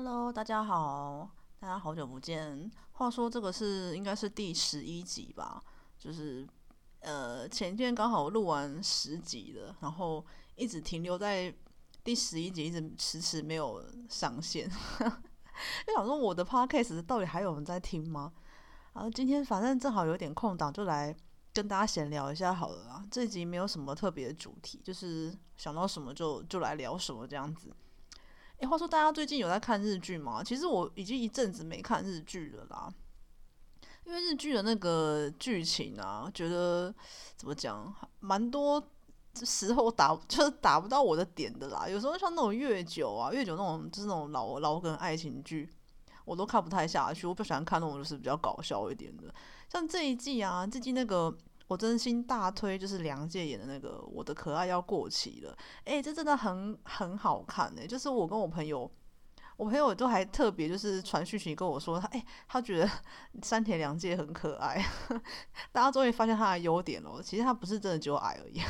Hello，大家好，大家好久不見。話說這個是應該是第十一集吧，就是呃前天剛好錄完十集了，然後一直停留在第十一集，一直遲遲沒有上線。 想說我的 podcast 到底還有人在聽嗎？然後今天反正正好有點空檔，就來跟大家閒聊一下好了啦。這一集沒有什麼特別的主題，就是想到什麼就就來聊什麼這樣子。哎、欸，話說大家最近有在看日劇嗎？其實我已經一陣子沒看日劇了啦，因為日劇的那個劇情啊，覺得怎麼講，蠻多時候打就是打不到我的點的啦。有時候像那種月久啊，月久那種就是那種老老梗愛情劇，我都看不太下去。我不喜歡看那種就是比較搞笑一點的，像這一季啊，最近那個。我真心大推，就是涼介演的那個《我的可愛要過期了》欸。哎，這真的很很好看哎、欸！就是我跟我朋友，我朋友都還特別就是傳訊息跟我說，他、欸、哎，他覺得山田涼介很可愛， 大家終於發現他的優點了。其實他不是真的只有矮而已，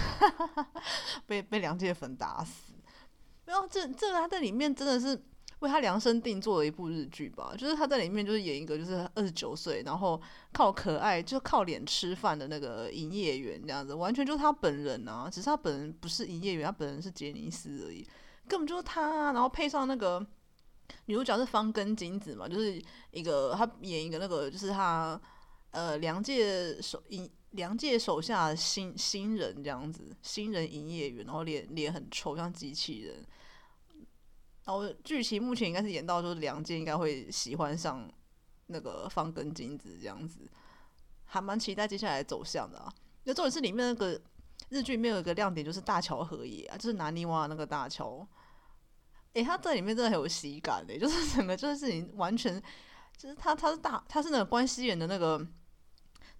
被被涼介粉打死。然後這這個他在裡面真的是，為他量身定做了一部日劇吧，就是他在裡面就是演一個就是二十九歲，然後靠可愛就是靠臉吃飯的那個營業員這樣子，完全就是他本人啊，只是他本人不是營業員，他本人是傑尼斯而已，根本就是他。然後配上那個女主角是芳根京子嘛，就是一個他演一個那個就是他呃梁界手營梁界手下的新新人這樣子，新人營業員，然後臉臉很臭，像機器人。哦，劇情目前應該是演到說梁健應該會喜歡上那個方根金子這樣子，還蠻期待接下來走向的啊。那重點是裡面那個日劇裡面有一個亮點，就是大橋和也啊，就是南泥洼那個大橋，誒、欸，他在裡面真的很有喜感的、欸、就是整個就是事情完全就是他他是大他是那個關西人的那個。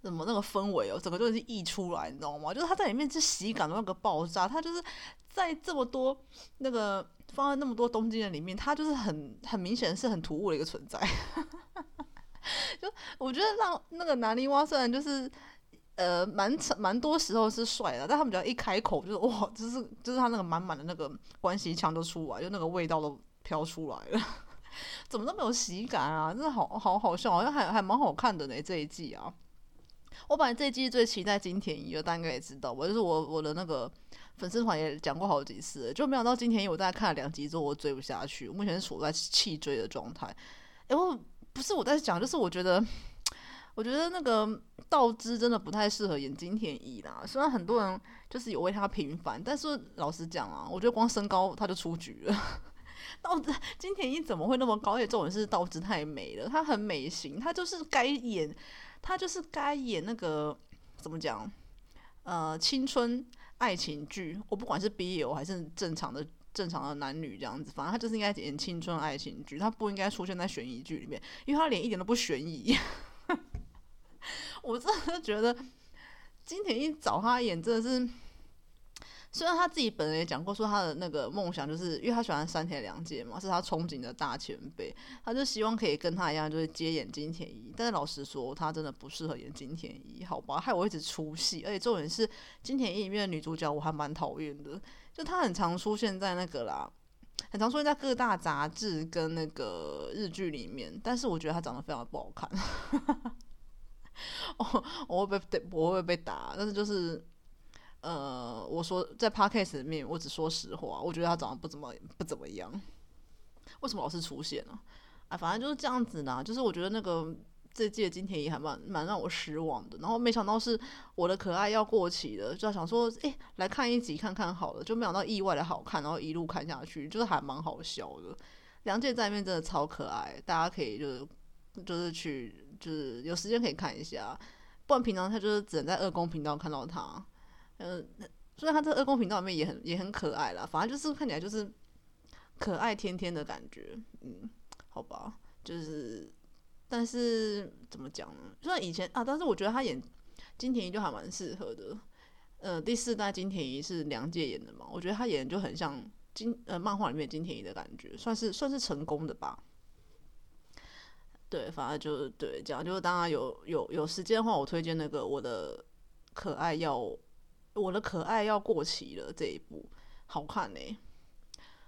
怎麼那個氛圍哦，整個就是溢出來，你知道嗎？就是他在裡面是喜感的那個爆炸，他就是在這麼多那個放在那麼多東京人裡面，他就是很很明顯是很突兀的一個存在。 就我覺得讓那個南泥窪雖然就是呃蠻蠻多時候是帥的，但他們只要一開口就是哇，就是就是他那個滿滿的那個關係腔就出來，就那個味道都飄出來了， 怎麼那麼有喜感啊？真的好好好笑，好像還還蠻好看的呢這一季啊。我本來這一季最期待金田一了，大家應該也知道吧，我就是我我的那個粉絲團也講過好幾次，就沒想到金田一，我大概看了兩集之後，我追不下去，我目前是處在棄追的狀態。然後、欸、我不是我在講，就是我覺得，我覺得那個道枝真的不太適合演金田一啦。雖然很多人就是有為他平反，但是老實講啊，我覺得光身高他就出局了。道枝金田一怎麼會那麼高？而且重點是道枝太美了，他很美型，他就是該演。他就是該演那個怎麼講？呃，青春愛情劇。我不管是 BL 還是正常的正常的男女這樣子，反正他就是應該演青春愛情劇，他不應該出現在懸疑劇裡面，因為他臉一點都不懸疑。 我真的覺得金田一找他演真的是。雖然他自己本人也講過，說他的那個夢想就是因為他喜歡山田涼介嘛，是他憧憬的大前輩，他就希望可以跟他一樣，就是接演金田一。但是老實說，他真的不適合演金田一，好吧？害我一直出戲。而且重點是，金田一裡面的女主角我還蠻討厭的，就她很常出現在那個啦，很常出現在各大雜誌跟那個日劇裡面。但是我覺得她長得非常的不好看，哈 哈。我會被我會被打，但是就是。呃，我說在 podcast 裡面，我只說實話，我覺得他長得不怎麼不怎麼樣。為什麼老是出現呢？啊，啊，反正就是這樣子呢。就是我覺得那個這季的金田一還蠻蠻讓我失望的。然後沒想到是我的可愛要過期了，就想說哎、欸、來看一集看看好了，就沒想到意外的好看，然後一路看下去就是還蠻好笑的。涼介在裡面真的超可愛，大家可以就是就是去就是有時間可以看一下，不然平常他就是只能在二宮頻道看到他。嗯、呃，雖然他這個二宮頻道裡面也很也很可愛啦，反正就是看起來就是可愛天天的感覺，嗯，好吧，就是但是怎麼講呢？雖然以前啊，但是我覺得他演金田一就還蠻適合的。呃，第四代金田一是涼介演的嘛，我覺得他演就很像金，呃，漫畫裡面金田一的感覺，算是算是成功的吧。對，反正就是對，這樣就當然有有有時間的話，我推薦那個我的可愛要。我的可愛要過期了，這一部好看嘞、欸。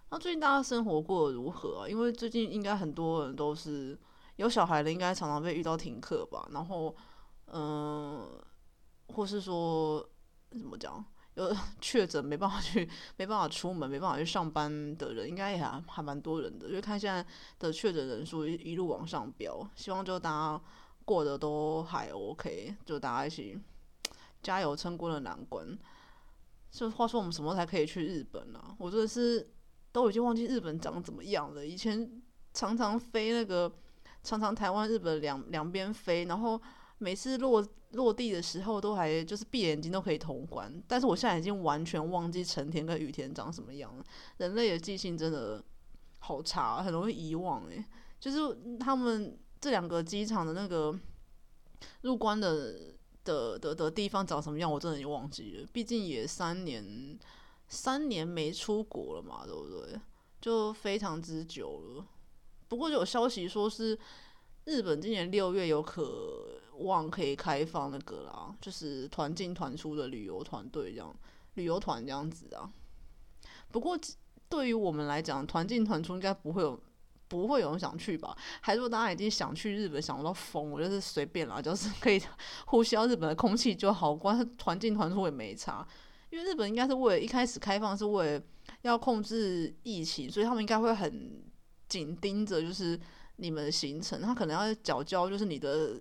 那最近大家生活過得如何？啊，因為最近應該很多人都是有小孩的，應該常常被遇到停課吧。然後，嗯、呃，或是說怎麼講，有確診沒辦法去，沒辦法出門，沒辦法去上班的人，應該也還還蠻多人的。就看現在的確診人數一一路往上飆，希望就大家過得都還 OK，就大家一起，加油，撐過了難關。就話說，我們什麼時候才可以去日本呢、啊？我真的是都已經忘記日本長怎麼樣了。以前常常飛那個，常常台灣、日本兩兩邊飛，然後每次落落地的時候都還就是閉眼睛都可以通關。但是我現在已經完全忘記成田跟羽田長什麼樣了。人類的記性真的好差，很容易遺忘、欸。誒。就是他們這兩個機場的那個入關的。的的的地方長什麼樣，我真的也忘記了，畢竟也三年三年沒出國了嘛，對不對？就非常之久了。不過就有消息說是日本今年六月有可望可以開放那個啦，就是團進團出的旅遊團隊這樣，旅遊團這樣子啊。不過對於我們來講，團進團出應該不會有。不會有人想去吧？還是說大家已經想去日本，想到瘋了？我就是隨便啦，就是可以呼吸到日本的空氣就好，關團進團出也沒差。因為日本應該是為了一開始開放是為了要控制疫情，所以他們應該會很緊盯着，就是你們的行程，他可能要繳交，就是你的，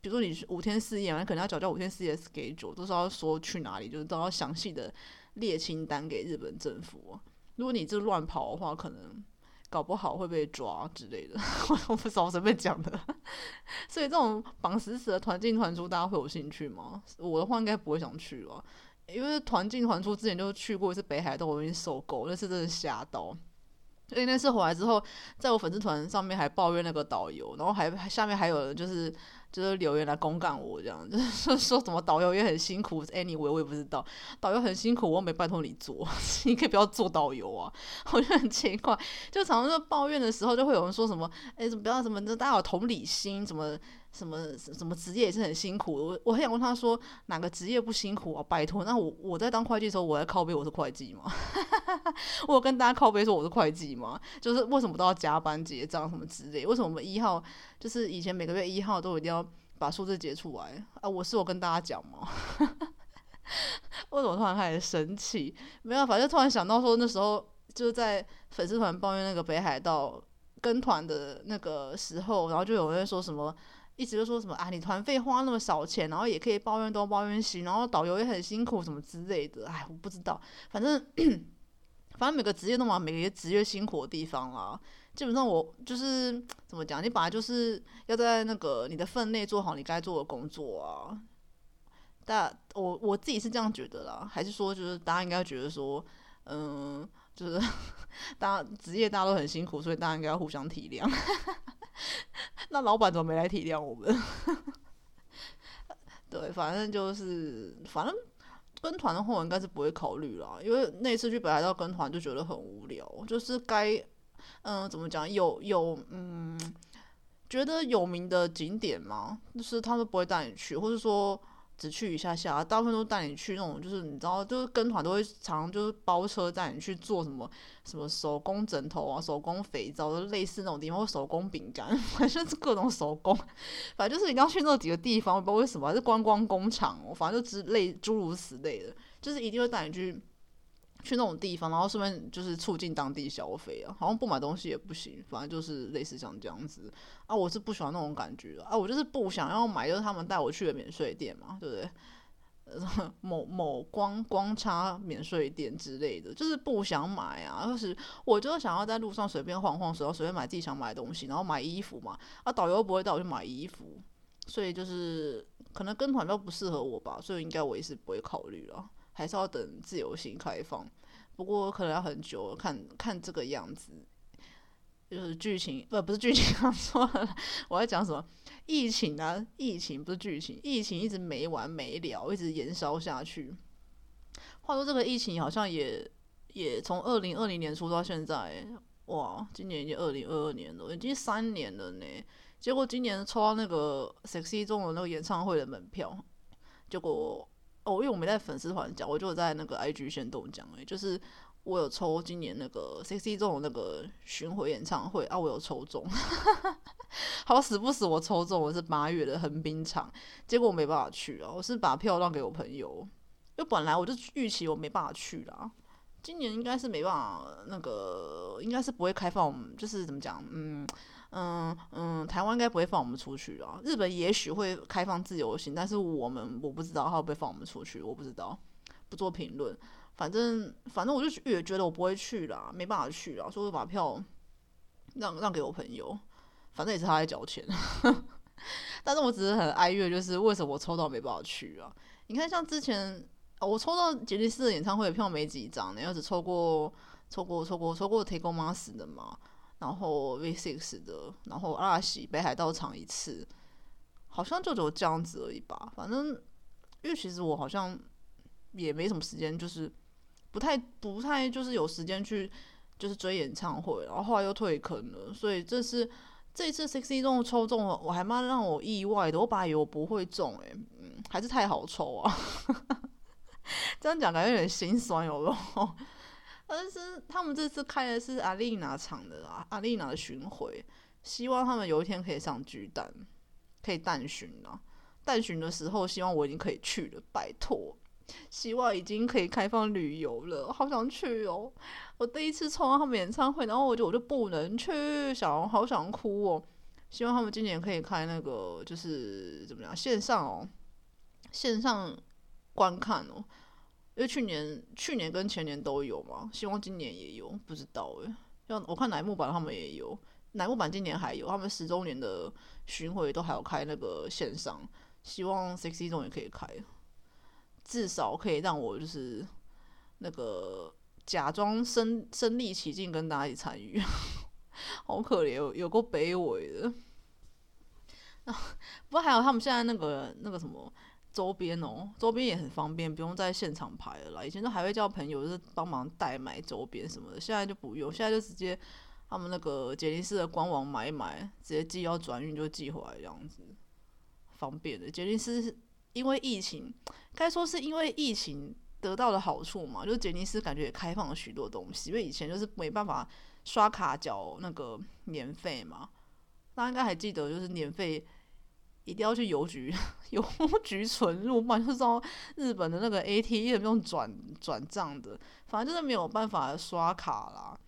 比如說你五天四夜，他可能要繳交五天四夜 schedule，都是要說去哪裡，就是都要詳細的列清單給日本政府。如果你這亂跑的話，可能。搞不好會被抓之類的， 我不，我隨便講的。 所以這種綁死死的團進團出，大家會有興趣嗎？我的話應該不會想去吧，欸、因為團進團出之前就去過一次北海道，我已經受夠，那次真的嚇到。因為那次回來之後，在我粉絲團上面還抱怨那個導遊，然後還下面還有人就是。就是留言來公幹，我，這樣就是說說什麼導遊也很辛苦，anyway 我也不知道，導遊很辛苦，我又沒拜托你做， 你可以不要做導遊啊，我就很奇怪，就常常抱怨的時候，就會有人說什麼，哎、欸，怎麼不要什麼，大家有同理心，怎麼？什麼什麼職業也是很辛苦的，我我很想問他說哪個職業不辛苦啊？拜托，那我我在當會計的時候，我在靠背我是會計嗎？ 我有跟大家靠背說我是會計嗎？就是為什麼都要加班結賬什麼之類？為什麼我們一號就是以前每個月一號都一定要把數字結出來啊？我是有跟大家講嗎？為 什麼突然開始生氣？沒辦法，就突然想到說那時候就是在粉絲團抱怨那個北海道跟團的那個時候，然後就有人說什麼。一直就說什麼啊，你團費花那麼少錢，然後也可以抱怨東抱怨西，然後導遊也很辛苦什麼之類的。哎，我不知道，反正反正每個職業都有每個職業辛苦的地方啦、啊。基本上我就是怎麼講，你本來就是要在那個你的份內做好你該做的工作啊。但我我自己是這樣覺得啦，還是說就是大家應該覺得說，嗯、呃，就是大家職業大家都很辛苦，所以大家應該要互相體諒。 那老闆怎麼沒來體諒我們？ 對，反正就是，反正跟團的話我應該是不會考慮了，因為那次去北海道跟團就覺得很無聊，就是該，嗯、呃，怎麼講，有有，嗯，覺得有名的景點嘛，就是他們不會帶你去，或者說。只去一下下，大部分都帶你去那種，就是你知道，就是跟團都會常常就是包車帶你去做什麼什麼手工枕頭啊，手工肥皂，就類似那種地方，手工餅乾，反正就是各種手工，反正就是你要去那幾個地方，不知道為什麼，還是觀光工廠，我反正就之類諸如此類的，就是一定會帶你去。去那種地方，然後順便就是促進當地消費啊，好像不買東西也不行，反正就是類似像這樣子啊，我是不喜歡那種感覺啊，我就是不想要買，就是他們帶我去的免稅店嘛，對不對？某某光光差免稅店之類的，就是不想買啊，就是我就是想要在路上隨便晃晃，時候隨便買自己想買東西，然後買衣服嘛，啊，導遊不會帶我去買衣服，所以就是可能跟團都不適合我吧，所以應該我也是不會考慮了。還是要等自由行開放，不過可能要很久。看看這個樣子，就是劇情，呃，不是劇情，我 說我在講什麼？疫情啊，疫情不是劇情，疫情一直沒完沒了，一直延燒下去。話說這個疫情好像也也從二零二零年初到現在，哇，今年已經二零二二年了，已經三年了呢。結果今年抽到那個 Sexy Zone 的那個演唱會的門票，結果。哦，因為我沒在粉絲團講，我就在那個 IG 限動講誒，就是我有抽今年那個 C C 中的那個巡迴演唱會啊，我有抽中， 好死不死我抽中我是八月的橫濱場，結果我沒辦法去啊，我是把票讓給我朋友，因為本來我就預期我沒辦法去啦，今年應該是沒辦法那個，應該是不會開放，就是怎麼講，嗯。嗯嗯，台灣應該不會放我們出去啊。日本也許會開放自由行，但是我們我不知道他會不會放我們出去，我不知道，不做評論。反正反正我就越覺得我不會去了，沒辦法去啊。所以我就把票讓讓給我朋友，反正也是他在交錢。 但是我只是很哀怨，就是為什麼我抽到沒辦法去啊？你看像之前、哦、我抽到傑尼斯的演唱會的票沒幾張，然後只抽過抽過抽過抽過 Tegomass 的嘛。然後 Vsix 的，然後阿喜北海道場一次，好像就只有這樣子而已吧。反正，因為其實我好像也沒什麼時間，就是不太不太就是有時間去就是追演唱會。然後後來又退坑了，所以這次這一次 six 一中抽中了，我還蠻讓我意外的。我本來以為我不會中，欸，誒，嗯，還是太好抽啊。 這樣講感覺有點心酸，我有有。但是他們這次開的是阿麗娜場的啊，阿麗娜巡迴，希望他們有一天可以上巨蛋，可以蛋巡啦，啊。蛋巡的時候，希望我已經可以去了，拜托，希望已經可以開放旅遊了，好想去哦！我第一次衝到他們演唱會，然後我就我就不能去，小紅好想哭哦。希望他們今年可以開那個就是怎麼樣線上哦，線上觀看哦。因為去年、去年跟前年都有嘛，希望今年也有，不知道誒。像我看乃木坂他們也有，乃木坂今年還有，他們十周年的巡迴都還有開那個線上，希望 Sexy Zone 也可以開，至少可以讓我就是那個假裝身身歷其境跟大家一起參與， 好可憐，有夠卑微的。啊、不過還有他們現在那個那個什麼。周邊哦，周邊也很方便，不用在現場排了啦。以前都還會叫朋友就是幫忙代買周邊什麼的，現在就不用，現在就直接他們那個傑尼斯的官網買買，直接寄要轉運就寄回來這樣子，方便的。傑尼斯因為疫情，該說是因為疫情得到的好處嘛，就傑尼斯感覺也開放了許多東西，因為以前就是沒辦法刷卡繳那個年費嘛，大家應該還記得就是年費。一定要去郵局，郵局存入。不然就是到日本的那個 AT 用轉轉賬的，反正就是沒有辦法刷卡啦，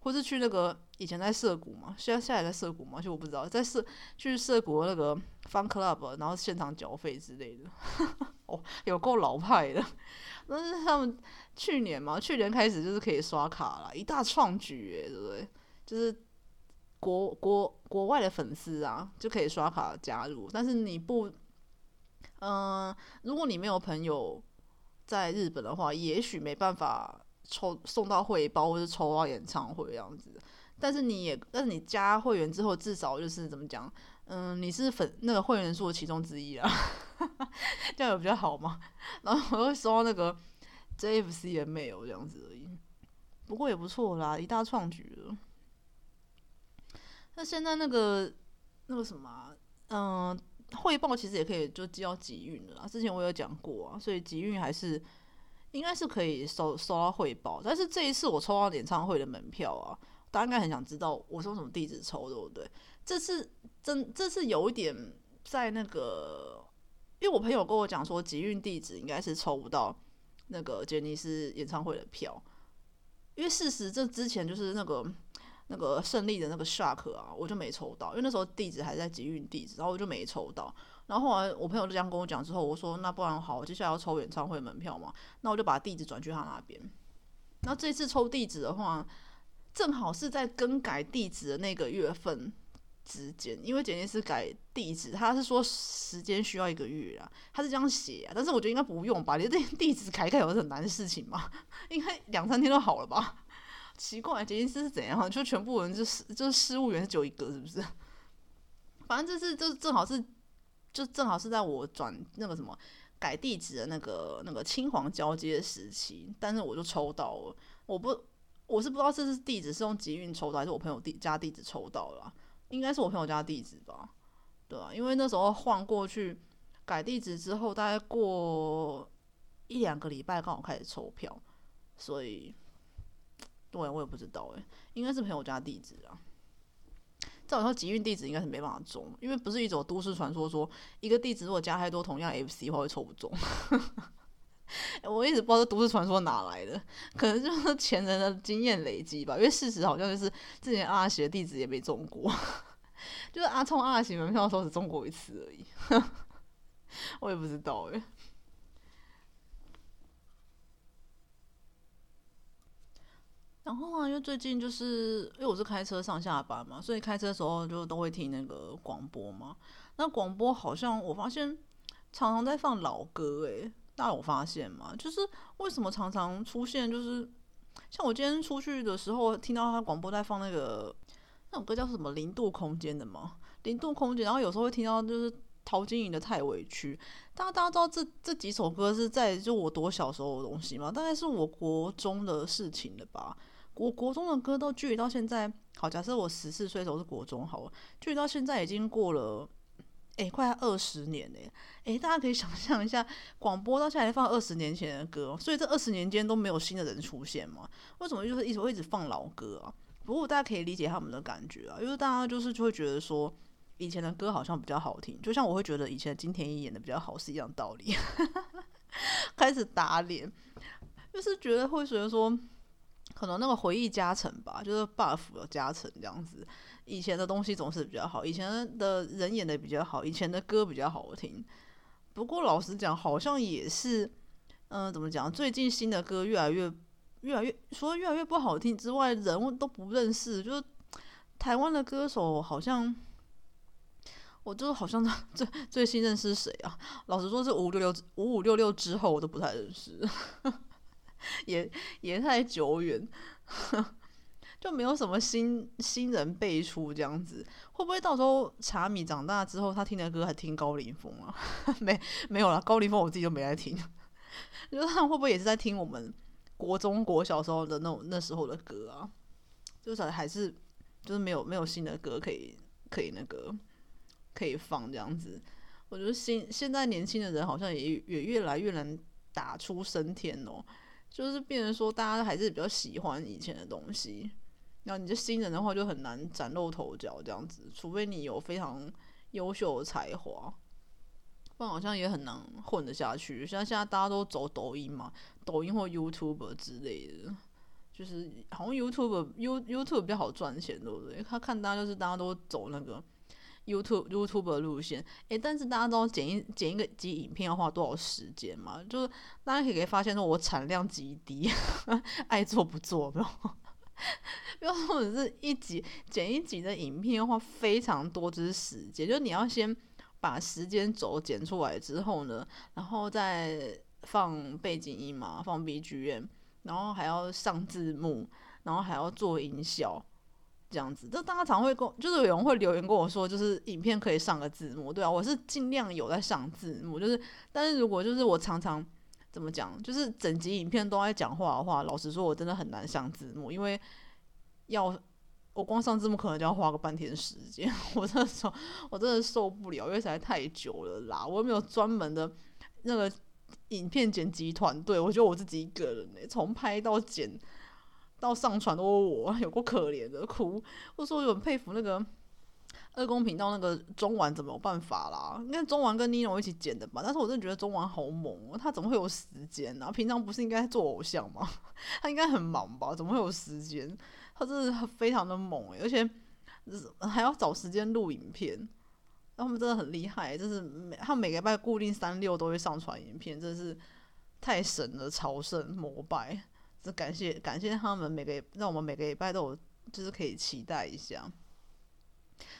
或是去那個以前在澀谷嘛，現在現在也在澀谷嘛，就我不知道。在澀去澀谷的那個 Fan Club，然後現場繳費之類的， 哦，有夠老派的。但是他們去年嘛，去年開始就是可以刷卡了，一大創舉，欸，對不對？就是。國國國外的粉絲啊，就可以刷卡加入。但是你不，嗯、呃，如果你沒有朋友在日本的話，也許沒辦法抽送到會包或者抽到演唱會這樣子。但是你也，但是你加會員之後，至少就是怎麼講，嗯、呃，你是粉那個會員數的其中之一啊， 這樣有比較好嘛。然後我又收那個 JFC 的 mail 這樣子而已，不過也不錯啦，一大創舉了。那現在那個那個什麼、啊，嗯、呃，匯報其實也可以就叫集運了。之前我有講過啊，所以集運還是應該是可以收收到匯報。但是這一次我抽到演唱會的門票啊，大家應該很想知道我用什麼地址抽的，對不對？這次真這次有一點在那個，因為我朋友跟我講說，集運地址應該是抽不到那個傑尼斯演唱會的票，因為事實這之前就是那個。那個勝利的那個 shark 啊，我就沒抽到，因為那時候地址還在集運地址，然後我就沒抽到。然後後來我朋友就這樣跟我講，之後我說那不然好，我接下來要抽演唱會門票嘛，那我就把地址轉去他那邊。然後這次抽地址的話，正好是在更改地址的那個月份之間，因為簡歷是改地址，他是說時間需要一個月啊，他是這樣寫啊，但是我覺得應該不用吧，你這地址改改有很難的事情嘛，應該兩三天就好了吧。奇怪，傑尼斯是怎樣？就全部人就是就是事務員只有一個，是不是？反正這次就正好是，就正好是在我轉那個什麼改地址的那個那個青黃交接的時期，但是我就抽到了。我不我是不知道這是,是地址是用集運抽的還是我朋友地家地址抽到了，應該是我朋友家地址吧？對啊，因為那時候換過去改地址之後，大概過一兩個禮拜剛好開始抽票，所以。對，我也不知道哎，應該是朋友家的地址啊。這好像集運地址應該是沒辦法中，因為不是一種都市傳說說一個地址如果加太多同樣 FC 的話會抽不中？ 我一直不知道這都市傳說哪來的，可能就是前人的經驗累積吧。因為事實好像就是之前阿喜的地址也沒中過，就是阿聰阿喜門票的時候只中過一次而已。 我也不知道哎。然後啊，因為最近就是，因為我是開車上下班嘛，所以開車的時候就都會聽那個廣播嘛。那廣播好像我發現常常在放老歌，誒，大家有發現嗎？就是為什麼常常出現，就是像我今天出去的時候聽到它廣播在放那個那首歌叫什麼《零度空間》的嘛，《零度空間》。然後有時候會聽到就是陶晶瑩的《太委屈》，大家大家知道這這幾首歌是在就我多小時候的東西嘛，大概是我國中的事情的吧。我國中的歌都距離到現在，好，假設我十四歲的時候是國中，好了，距離到現在已經過了，哎、欸，快二十年哎、欸，哎、欸，大家可以想象一下，廣播到現在還放二十年前的歌，所以這二十年間都沒有新的人出現嘛？為什麼就是一直會一直放老歌啊？不過大家可以理解他們的感覺啊，因為大家就是就會覺得說，以前的歌好像比較好聽，就像我會覺得以前金田一演的比較好是一樣道理， 開始打臉，就是覺得會覺得說。可能那個回憶加成吧，就是 buff 的加成這樣子。以前的東西總是比較好，以前的人演的比較好，以前的歌比較好聽。不過老實講，好像也是，嗯、呃，怎麼講？最近新的歌越來越，越來越，說越來越不好聽之外，人物都不認識。就是台灣的歌手，好像我就好像最最新認識誰啊？老實說，是5566、5566之後，我都不太認識。呵呵也也太久遠， 就沒有什麼新新人輩出這樣子。會不會到時候茶米長大之後，他聽的歌還聽高凌風啊？ 沒沒有了，高凌風我自己都沒在聽。 就是他會不會也是在聽我們國中國小時候的那種那時候的歌啊？就是還是就是沒有沒有新的歌可以可以那個可以放這樣子。我覺得新現在年輕的人好像也也越來越難打出生天哦、喔。就是變成說，大家還是比較喜歡以前的東西，然後你這新人的話就很難嶄露頭角這樣子，除非你有非常優秀的才華，不然好像也很難混得下去。像現在大家都走抖音嘛，抖音或 YouTube 之類的，就是好像 YouTube You YouTube 比較好賺錢，對不對？他看大家就是大家都走那個。YouTube、YouTube 的路線，誒、欸，但是大家都知道剪一剪一個集影片，要花多少時間嘛？就是大家可以發現說，我產量極低呵呵，愛做不做，不呵呵比如，不用說只是一集剪一集的影片要花非常多就是時間，就你要先把時間軸剪出來之後呢，然後再放背景音嘛，放 BGM，然後還要上字幕，然後還要做營銷。這樣子，就大家常會跟，就是有人會留言跟我說，就是影片可以上個字幕，對啊，我是盡量有在上字幕，就是但是如果就是我常常怎麼講，就是整集影片都在講話的話，老實說，我真的很難上字幕，因為要我光上字幕可能就要花個半天時間，我那時候我真的受不了，因為實在太久了啦，我又沒有專門的那個影片剪輯團隊，我覺得我自己一個人哎、欸，從拍到剪。到上傳都問我有過可憐的哭，我說我很佩服那個二宮頻道那個中丸怎麼有辦法啦？應該中丸跟 Nino 一起剪的吧？但是我真的覺得中丸好猛，喔，他怎麼會有時間呢，啊？平常不是應該做偶像嗎？他應該很忙吧？怎麼會有時間？他真的非常的猛，欸，而且是還要找時間錄影片，他們真的很厲害，欸，就是每他每個禮拜固定三六都會上傳影片，真的是太神了，朝聖膜拜。就感謝感謝他們每個，讓我們每個禮拜都有就是可以期待一下。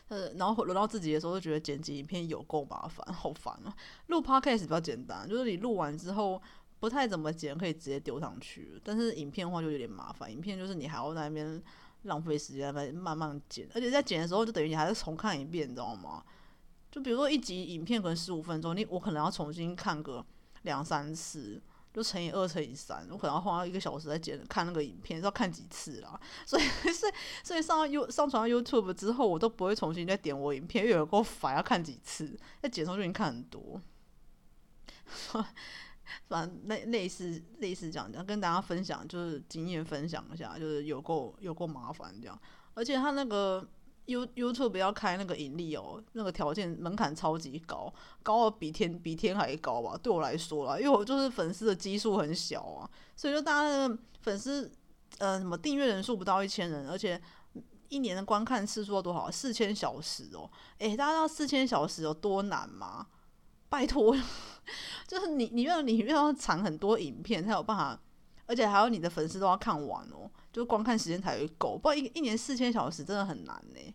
呃、嗯，然後輪到自己的時候，就覺得剪輯影片有夠麻煩，好煩啊！錄 podcast 比較簡單，就是你錄完之後不太怎麼剪，可以直接丟上去。但是影片的話就有點麻煩，影片就是你還要在那邊浪費時間，在慢慢剪。而且在剪的時候，就等於你還是重看一遍，你知道嗎？就比如說一集影片可能十五分鐘，你我可能要重新看個兩三次。就乘以二乘以三，我可能要花一個小時在剪看那個影片，要看幾次啦。所以，所以，所以上 U 上傳到 YouTube 之後，我都不會重新再點我影片，因為有夠煩，要看幾次，再剪上去就已經看很多。反 反正類類似類似這樣講跟大家分享就是經驗分享一下，就是有夠有夠麻煩這樣，而且他那個。You YouTube 要開那個盈利哦，那個條件門檻超級高，高得比天比天還高吧？對我來說啦，因為我就是粉絲的基數很小啊，所以就大家那個粉絲呃什麼訂閱人數不到一千人，而且一年的觀看次數要多少？四千小時哦、喔！誒、欸，大家知道四千小時有多難嗎？拜托，就是你你要你要藏很多影片才有辦法，而且還有你的粉絲都要看完哦、喔。就觀看時間才會夠，不過一一年四千小時真的很難呢、欸，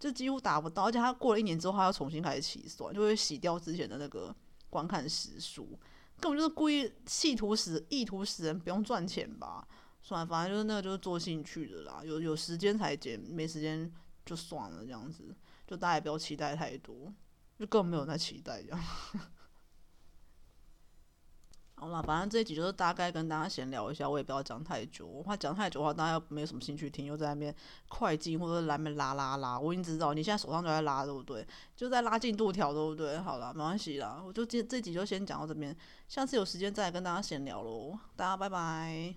就幾乎達不到。而且他過了一年之後，他要重新開始起算，就會洗掉之前的那個觀看時數，根本就是故意企圖使意圖使人不用賺錢吧。算了，反正就是那個就是做興趣的啦，有有時間才剪，沒時間就算了這樣子。就大家也不要期待太多，就根本沒有在期待這樣。 好啦，反正這一集就是大概跟大家閒聊一下，我也不要講太久，我怕講太久的話，大家又沒有什麼興趣聽，又在那邊快進或者在那邊拉拉拉，我已經知道你現在手上都在拉，對不對？就在拉進度條，對不對？好了，沒關係啦，我就這這集就先講到這邊，下次有時間再跟大家閒聊嘍，大家拜拜。